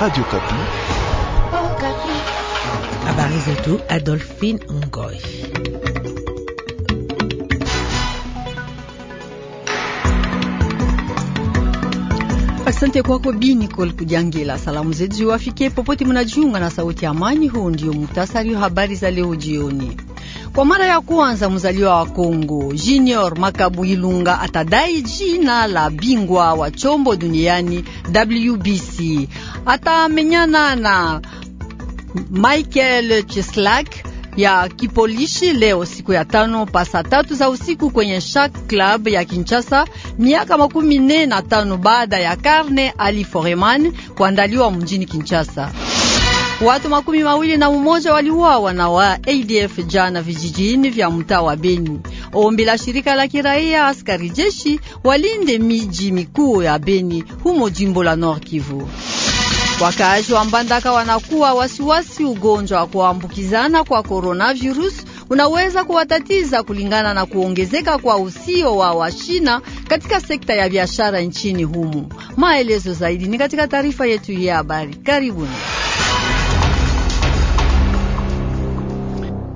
Radio Kapi. Habari zetu Adolphine Ngoy. Asante kwako Bi Nicole Kujangila. Salamu zetu ziwafikie popote mnajiunga na sauti ya amani. Huu ndio muhtasari wa habari za leo jioni. Kwa mara ya kwanza mzaliwa wa Kongo Junior Makabu Ilunga atadai jina la bingwa wa chombo duniani WBC. Atamenyana na Michael Cheslak ya Kipolishi leo siku ya tano pasa tatu za usiku kwenye Shak Club ya Kinshasa, miaka makumi nne na tano baada ya karne Ali Foreman kuandaliwa mjini Kinshasa. Watu makumi mawili na mmoja waliuawa na wa ADF jana vijijini vya mtaa wa Beni. Ombi la shirika la kiraia askari jeshi walinde miji mikuu ya Beni humo jimbo la Nord Kivu. Wakaaji wa Mbandaka wanakuwa wasiwasi ugonjwa wa kuambukizana kwa coronavirus unaweza kuwatatiza kulingana na kuongezeka kwa usio wa washina katika sekta ya biashara nchini humo. Maelezo zaidi ni katika taarifa yetu ya habari. Karibuni.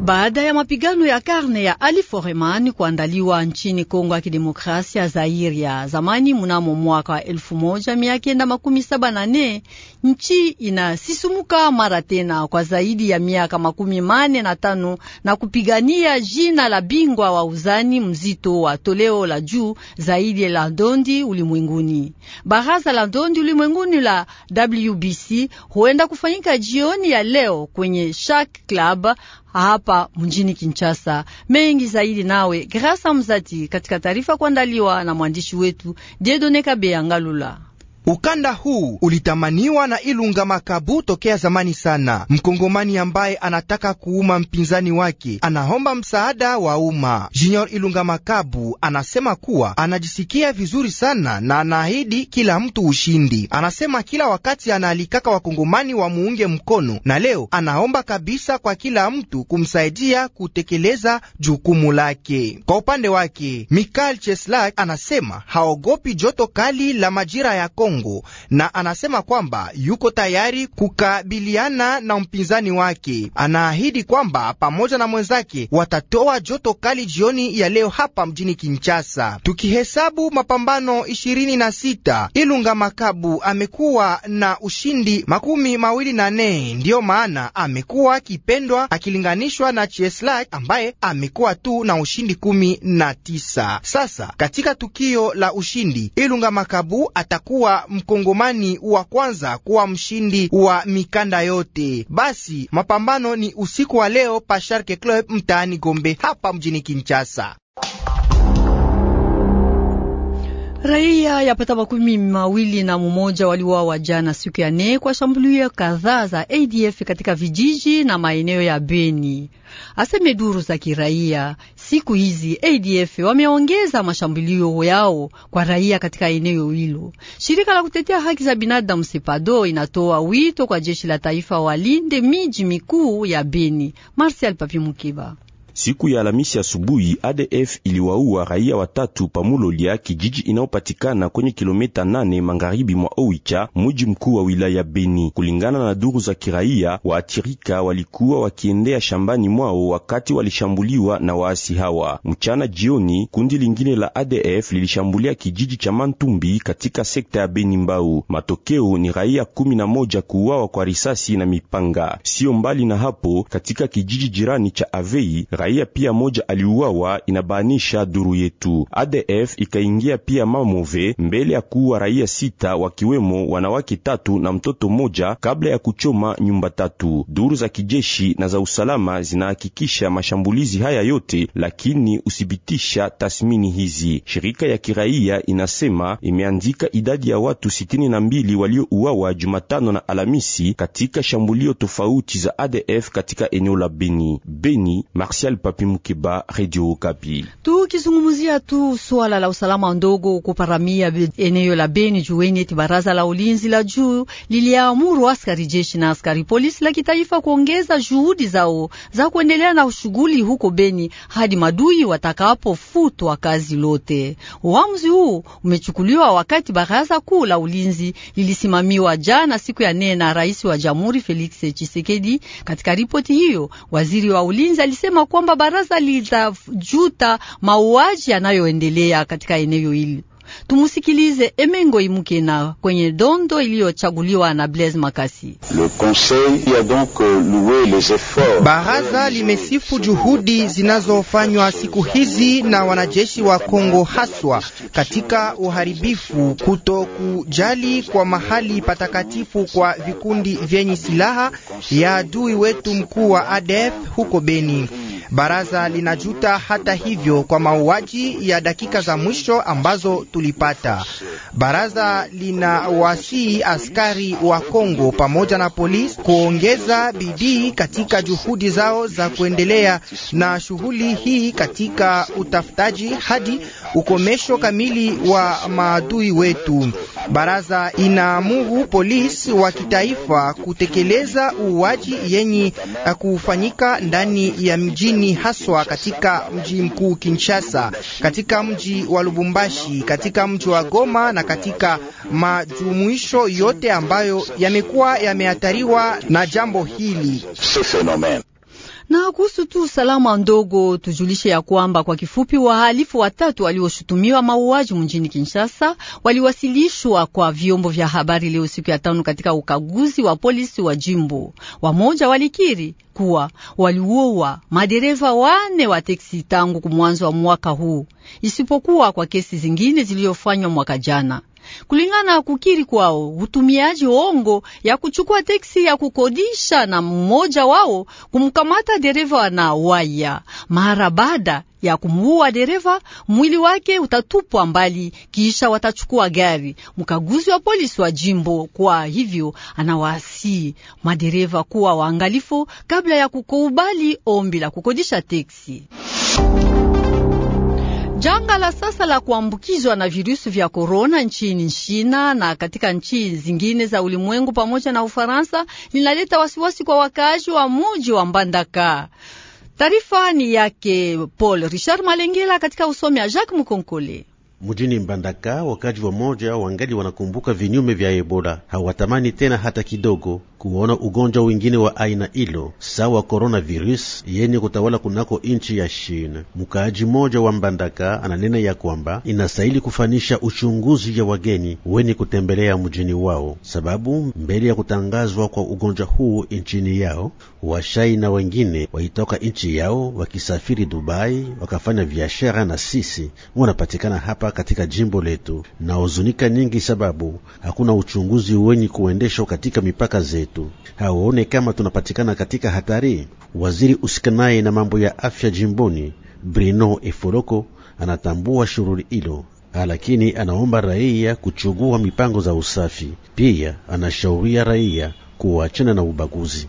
baada ya mapigano ya karne ya Aliforeman kuandaliwa nchini Kongo ya Kidemokrasia, Zairi ya zamani munamo mwaka wa 1978 nchi inasisumuka mara tena kwa zaidi ya miaka makumi mane na tano na kupigania jina la bingwa wa uzani mzito wa toleo la juu zaidi la ndondi ulimwenguni. Baraza la ndondi ulimwenguni la WBC huenda kufanyika jioni ya leo kwenye Shark Club hapa mjini Kinshasa. Mengi zaidi nawe Grasa Mzati katika taarifa kuandaliwa na mwandishi wetu Diedone Kabeya Ngalula. Ukanda huu ulitamaniwa na Ilunga Makabu tokea zamani sana. Mkongomani ambaye anataka kuuma mpinzani wake anaomba msaada wa umma. Junior Ilunga Makabu anasema kuwa anajisikia vizuri sana na anaahidi kila mtu ushindi. Anasema kila wakati anaalikaka wakongomani muunge mkono, na leo anaomba kabisa kwa kila mtu kumsaidia kutekeleza jukumu lake. Kwa upande wake, Mikal Cheslak anasema haogopi joto kali la majira ya Kongo Mungu, na anasema kwamba yuko tayari kukabiliana na mpinzani wake. Anaahidi kwamba pamoja na mwenzake watatoa joto kali jioni ya leo hapa mjini Kinshasa. Tukihesabu mapambano 26, Ilunga Makabu amekuwa na ushindi makumi mawili na nne, ndiyo maana amekuwa akipendwa akilinganishwa na Chieslak ambaye amekuwa tu na ushindi kumi na tisa. Sasa katika tukio la ushindi Ilunga Makabu atakuwa mkongomani wa kwanza kuwa mshindi wa mikanda yote. Basi mapambano ni usiku wa leo pa sharke Club mtaani Gombe hapa mjini Kinshasa. Raia yapata makumi mawili na mmoja waliuawa jana siku ya nne kwa shambulio kadhaa za ADF katika vijiji na maeneo ya Beni, aseme duru za kiraia. Siku hizi ADF wameongeza mashambulio yao kwa raia katika eneo hilo. Shirika la kutetea haki za binadamu SEPADO inatoa wito kwa jeshi la taifa walinde miji mikuu ya Beni. Marsial Papi Mukiba Siku ya Alhamisi asubuhi, ADF iliwaua raia watatu pamulolia, kijiji inayopatikana kwenye kilomita nane magharibi mwa Oicha, muji mkuu wa wilaya Beni. Kulingana na duru za kiraia, waathirika walikuwa wakiendea shambani mwao wakati walishambuliwa na waasi hawa. Mchana jioni, kundi lingine la ADF lilishambulia kijiji cha Mantumbi katika sekta ya Beni Mbau. Matokeo ni raia kumi na moja kuuawa kwa risasi na mipanga. Sio mbali na hapo, katika kijiji jirani cha Avei raia pia moja aliuawa, inabanisha duru yetu. ADF ikaingia pia mamove mbele ya kuua raia sita wakiwemo wanawake tatu na mtoto moja kabla ya kuchoma nyumba tatu. Duru za kijeshi na za usalama zinahakikisha mashambulizi haya yote, lakini usibitisha tasmini hizi. Shirika ya kiraia inasema imeandika idadi ya watu sitini na mbili waliouawa Jumatano na Alamisi katika shambulio tofauti za ADF katika eneo la Beni. Beni, Martial Papi Mkiba, Radio Kapi. Tukizungumzia tu swala la usalama ndogo kuparamia eneo la Beni, jueni eti baraza la ulinzi la juu liliamuru askari jeshi na askari polisi la kitaifa kuongeza juhudi zao za kuendelea na shughuli huko Beni hadi madui watakapofutwa kazi lote. Uamuzi huu umechukuliwa wakati baraza kuu la ulinzi lilisimamiwa jana siku ya nne na rais wa jamhuri Felix Tshisekedi. Katika ripoti hiyo, waziri wa ulinzi alisema kwa kwamba baraza litajuta mauaji yanayoendelea katika eneo hili. Tumusikilize Emengo Imukena kwenye dondo iliyochaguliwa na Blaise Makasi. Euh, baraza limesifu juhudi zinazofanywa siku hizi na wanajeshi wa Kongo, haswa katika uharibifu, kuto kujali kwa mahali patakatifu kwa vikundi vyenye silaha ya adui wetu mkuu wa ADF huko Beni. Baraza linajuta hata hivyo kwa mauaji ya dakika za mwisho ambazo tulipata. Baraza linawasihi askari wa Kongo pamoja na polisi kuongeza bidii katika juhudi zao za kuendelea na shughuli hii katika utafutaji hadi ukomesho kamili wa maadui wetu. Baraza inaamuru polisi wa kitaifa kutekeleza uuaji yenye kufanyika ndani ya mjini, haswa katika mji mkuu Kinshasa, katika mji wa Lubumbashi, katika mji wa Goma na katika majumuisho yote ambayo yamekuwa yameathiriwa na jambo hili. Na kuhusu tu salama ndogo, tujulishe ya kwamba kwa kifupi, wahalifu watatu walioshutumiwa mauaji mjini Kinshasa waliwasilishwa kwa vyombo vya habari leo siku ya tano katika ukaguzi wa polisi wa jimbo. Wamoja walikiri kuwa waliuowa madereva wane wa teksi tangu mwanzo wa mwaka huu, isipokuwa kwa kesi zingine zilizofanywa mwaka jana. Kulingana na kukiri kwao, utumiaji ongo ya kuchukua teksi ya kukodisha na mmoja wao kumkamata dereva na waya. Mara baada ya kumuua dereva, mwili wake utatupwa mbali, kisha watachukua gari. Mkaguzi wa polisi wa jimbo kwa hivyo anawasi madereva kuwa waangalifu kabla ya kukubali ombi la kukodisha teksi. Janga la sasa la kuambukizwa na virusi vya korona nchini China na katika nchi zingine za ulimwengu pamoja na Ufaransa linaleta wasiwasi kwa wakaaji wa muji wa Mbandaka. Taarifa ni yake Paul Richard Malengela katika usomi wa Jacques Mukonkole. Mjini Mbandaka, wakaji wa moja wangali wanakumbuka vinyume vya Ebola, hawatamani tena hata kidogo kuona ugonjwa wengine wa aina ilo sawa coronavirus yenye kutawala kunako inchi ya Shine. Mkaaji mmoja wa Mbandaka ananena ya kwamba inastahili kufanisha uchunguzi ya wageni wenye kutembelea mjini wao, sababu mbele ya kutangazwa kwa ugonjwa huu inchini yao, washai na wengine waitoka nchi yao wakisafiri Dubai wakafanya biashara na sisi wanapatikana hapa katika jimbo letu, na huzunika nyingi sababu hakuna uchunguzi wenye kuendeshwa katika mipaka zetu zetu hawaone kama tunapatikana katika hatari. Waziri usikanaye na mambo ya afya jimboni Brino Eforoko anatambua shughuli hilo, lakini anaomba raia kuchugua mipango za usafi. Pia anashauria raia kuachana na ubaguzi.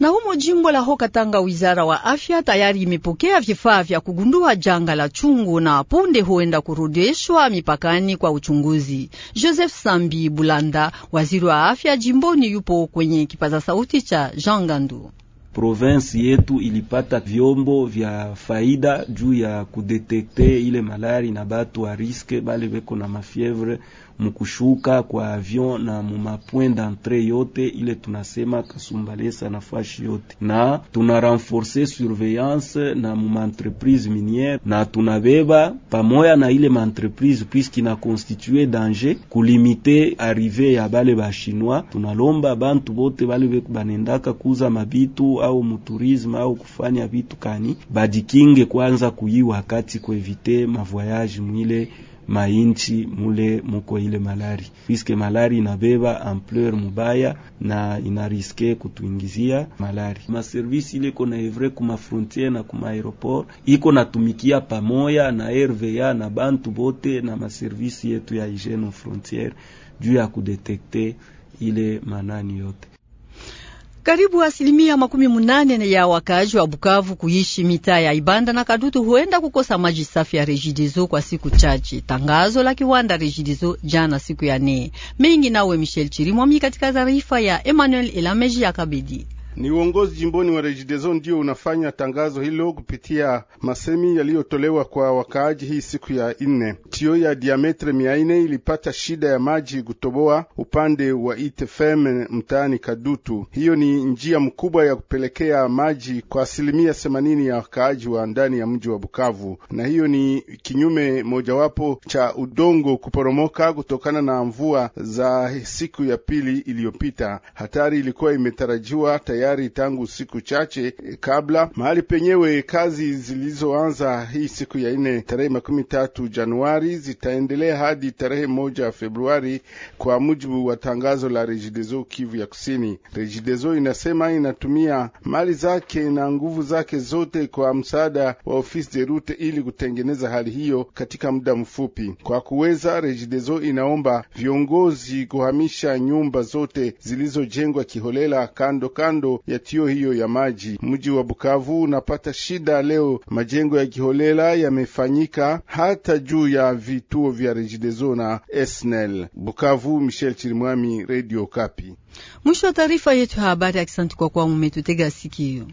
Na humo jimbo la Hokatanga, wizara wa afya tayari imepokea vifaa vya kugundua janga la chungu na punde huenda kurudishwa mipakani kwa uchunguzi. Joseph Sambi Bulanda, waziri wa afya jimboni, yupo kwenye kipaza sauti cha Jean Gandu. Provinsi yetu ilipata vyombo vya faida juu ya kudetekte ile malari na batu wa riske bale beko na mafievre mukushuka kwa avion na mumapoint d'entrée yote ile tunasema Kasumbalesa na fashi yote, na tuna renforce surveillance na mumaentreprise miniere, na tunabeba pamoya na ile maentreprise puisque na constitue danger kulimite arrive ya bale ba bashinwa. Tunalomba bantu bote bale beku banendaka kuza mabitu au muturisme au kufanya vitu kani badikinge kwanza kuyi wakati kuevite mavoyage mwile mainchi mule muko ile malari, piske malari inabeba ampleur mubaya na inariske kutuingizia malari. Maservisi ile iko na evre kuma frontiere na kuma aeroport iko natumikia pamoya na RVA na bantu bote na maservisi yetu ya hygiene frontiere juu ya kudetekte ile manani yote karibu asilimia makumi munane ya wakaaji wa Bukavu kuishi mitaa ya Ibanda na Kadutu huenda kukosa maji safi ya Regidezo kwa siku chache. Tangazo la kiwanda Regidezo jana siku ya nne. Mengi nawe Michel Chirimwami katika taarifa ya Emmanuel Elameji ya Kabidi. Ni uongozi jimboni wa Rejidezo ndio unafanya tangazo hilo kupitia masemi yaliyotolewa kwa wakaaji hii siku ya ine. Tio ya diametre mia ine ilipata shida ya maji kutoboa upande wa itfm mtaani Kadutu. Hiyo ni njia mkubwa ya kupelekea maji kwa asilimia themanini ya wakaaji wa ndani ya mji wa Bukavu, na hiyo ni kinyume mojawapo cha udongo kuporomoka kutokana na mvua za siku ya pili iliyopita. Hatari ilikuwa imetarajiwa tayari tayari tangu siku chache eh, kabla. Mahali penyewe kazi zilizoanza hii siku ya nne tarehe makumi tatu Januari zitaendelea hadi tarehe moja Februari kwa mujibu wa tangazo la Rejidezo Kivu ya Kusini. Rejidezo inasema inatumia mali zake na nguvu zake zote kwa msaada wa ofisi de rute ili kutengeneza hali hiyo katika muda mfupi. Kwa kuweza, Rejidezo inaomba viongozi kuhamisha nyumba zote zilizojengwa kiholela kando kando ya tio hiyo ya maji. Mji wa Bukavu unapata shida leo, majengo ya kiholela yamefanyika hata juu ya vituo vya Rejidezo na Esnel. Bukavu, Michel Chirimwami, Radio Kapi. Mwisho wa taarifa yetu ya habari. Akisanti kwa kwa umetutega sikio.